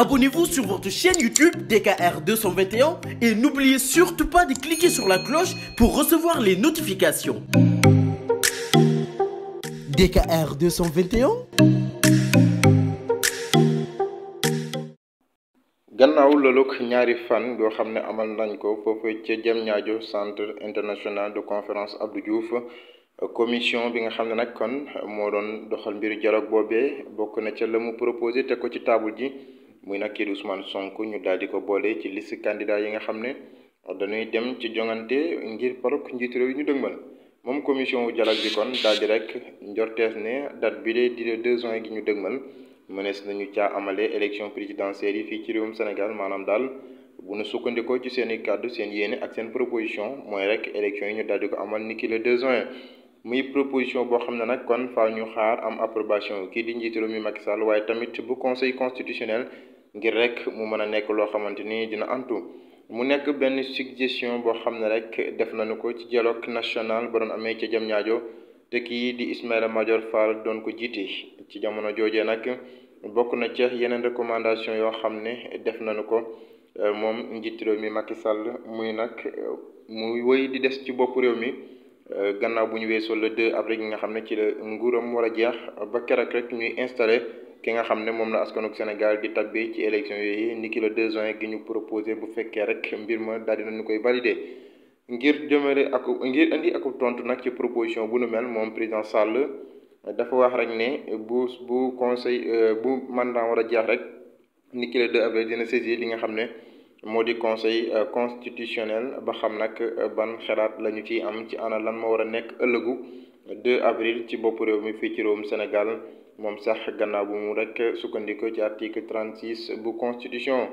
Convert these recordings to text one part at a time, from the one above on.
Abonnez-vous sur votre chaîne YouTube DKR 221 et n'oubliez surtout pas de cliquer sur la cloche pour recevoir les notifications. DKR gannaaw lëlug ñaari fan yoo xam ne amal nañ ko foofu ca Diamniadio centre international de conférence Abdou Diouf commission bi nga xam ne nag kon moo doon doxal mbir dialogue boobee bokk na ca la mu proposé teg ko ci table ji. muy nag kii di Ousmane ñu daal di ko boole ci liste candidat yi nga xam ne dañuy dem ci joŋante ngir parok njiitu yu ñu dëgmal moom commission wu dialogue bi rek njortees ne date bi de di le 2 juin gi ñu dëgmal mënees nañu caa amale élection présidentielle yi fii ci réewum Sénégal maanaam daal bu nu sukkandikoo ci seen i kàddu seen yéene ak seen proposition mooy rek élection yi ñu daal di ko amal ni ki le 2 juin. muy proposition boo xam ne nag kon faaw ñu xaar am approbation kii di njiitu réew mi Macky Sall waaye tamit bu conseil constitutionnel ngir rek mu mën a nekk loo xamante ni dina antu mu nekk benn suggestion boo xam ne rek def nañu ko ci dialogue national ba doon amee ca jam ñaajo te kii di Ismaïla Madior Fall doon ko jiite ci jamono joojee nag bokk na ceex yeneen recommandation yoo xam ne def nañu ko moom njiitu réew mi Macky Sall muy nag muy woy di des ci bopp réew mi Euh, gannaaw bu ñu weesoo le 2 avril nga xam ne ci la nguuram war a jeex ba keroog rek ñuy installé ki nga xam ne moom la askanug Sénégal di tabbee ci élection yooyu ni ki le 2 juin gi ñu proposé bu fekkee rek mbir ma daal dinañu koy validé ngir jëmale ak ngir indi ak tontu nag ci proposition bu nu mel moom président Sall dafa wax rek ne bu bu conseil euh, bu mandat war a jeex rek ni ki le 2 avril dina saisir li nga xam ne. moo di conseil euh, constitutionnel ba xam nag euh, ban xalaat la ñu ciy am ci ana lan moo war a nekk ëllëgu 2 avril ci bopp réew mi fii ci réewum Sénégal moom sax gannaaw bu mu rek sukkandiku ci article 36 bu constitution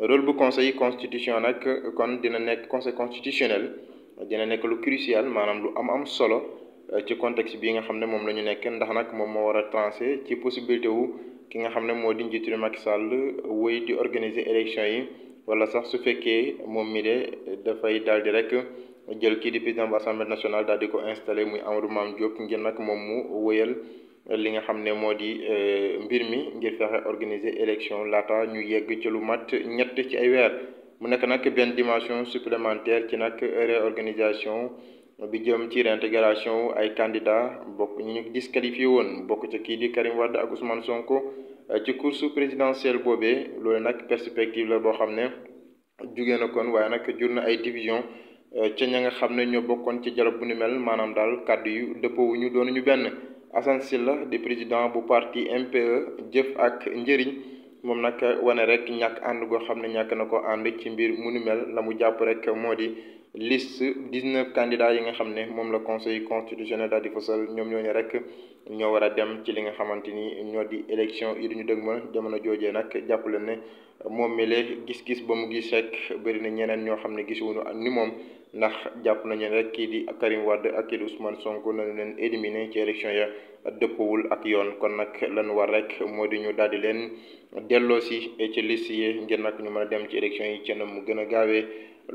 rôle bu conseil constitution nag kon dina nekk conseil constitutionnel dina nekk lu crucial maanaam lu am am solo euh, ci contexte bi nga xam ne moom la ñu nekk ndax nag moom moo war a tranché ci possibilité wu ki nga xam ne moo di njiitu Macky Sall wéy di organiser élection yi wala sax su fekkee moom mi de dafay daal di rek jël kii di président bu assemblée nationale daal di ko installé muy Amadou maam Diop ngir nag moom mu wëyal li nga xam ne moo di euh, mbir mi ngir fexe organiser élection laata ñu yegg ci lu mat ñett ci ay weer mu nekk nag benn dimension supplémentaire ci nag réorganisation bi jëm ci réintégration wu ay candidats bokk ñu ñu gis disqualifié woon bokk ca kii di Karim Wade ak Ousmane Sonko eh, ci course présidentielle boobee loolu nag perspective la boo xam ne jugee na kon waaye nag jur na ay division eh, ca ña nga xam ne ñoo bokkoon ci dialogue bu ni mel maanaam daal kàddu yu dëppoo wu ñu doonu ñu benn Assane Sylla di président bu parti MPE jëf ak njëriñ moom nag wane rek ñàkk ànd goo xam ne ñàkk na ko ànd ci mbir mu ni mel la mu jàpp rek moo di. list dix-neuf candidats yi nga xam ne moom la conseil constitutionnel daal di fësal ñoom ñooñu rek ñoo war a dem ci li nga xamante ni ñoo di élection yi duñu ma jamono joojee nag jàpp leen ne moom mi gis-gis ba mu gis rek bëri na ñeneen ñoo xam ne gisuwuñu ni moom ndax jàpp nañu rek kii di Karim Wade ak kii di Ousmane Sonko nañu leen éliminé ci élection ya dëppawul ak yoon kon nag lan war rek moo di ñu daal di leen delloo si ci liste yi ngir nag ñu mën dem ci élection yi ci anam mu gën a gaawee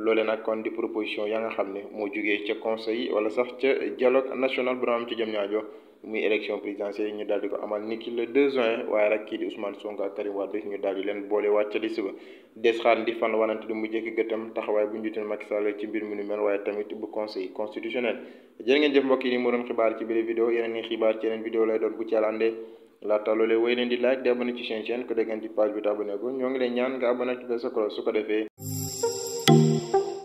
loole nag kon di proposition ya nga xam ne moo jugee ca conseil wala sax ca dialogue national bu am ci jëm ñaajo muy élection présidentielle ñu daal di ko amal ni ki le 2 juin waaye rek kii di Ousmane Sonko ak Karim Wade ñu daal leen boole wàcc di suba des xaar di fan wanante du mu jëkk taxawaay bu njiitu Macky Sall ci mbir mi nu mel waaye tamit bu conseil constitutionnel jërë ngeen jëf mbokk ni mu xibaar ci biir vidéo yeneen ni xibaar ci yeneen vidéo lay doon bu ci yàlla àndee laata loolee leen di like di abonné ci chaîne chaîne ko ñoo ngi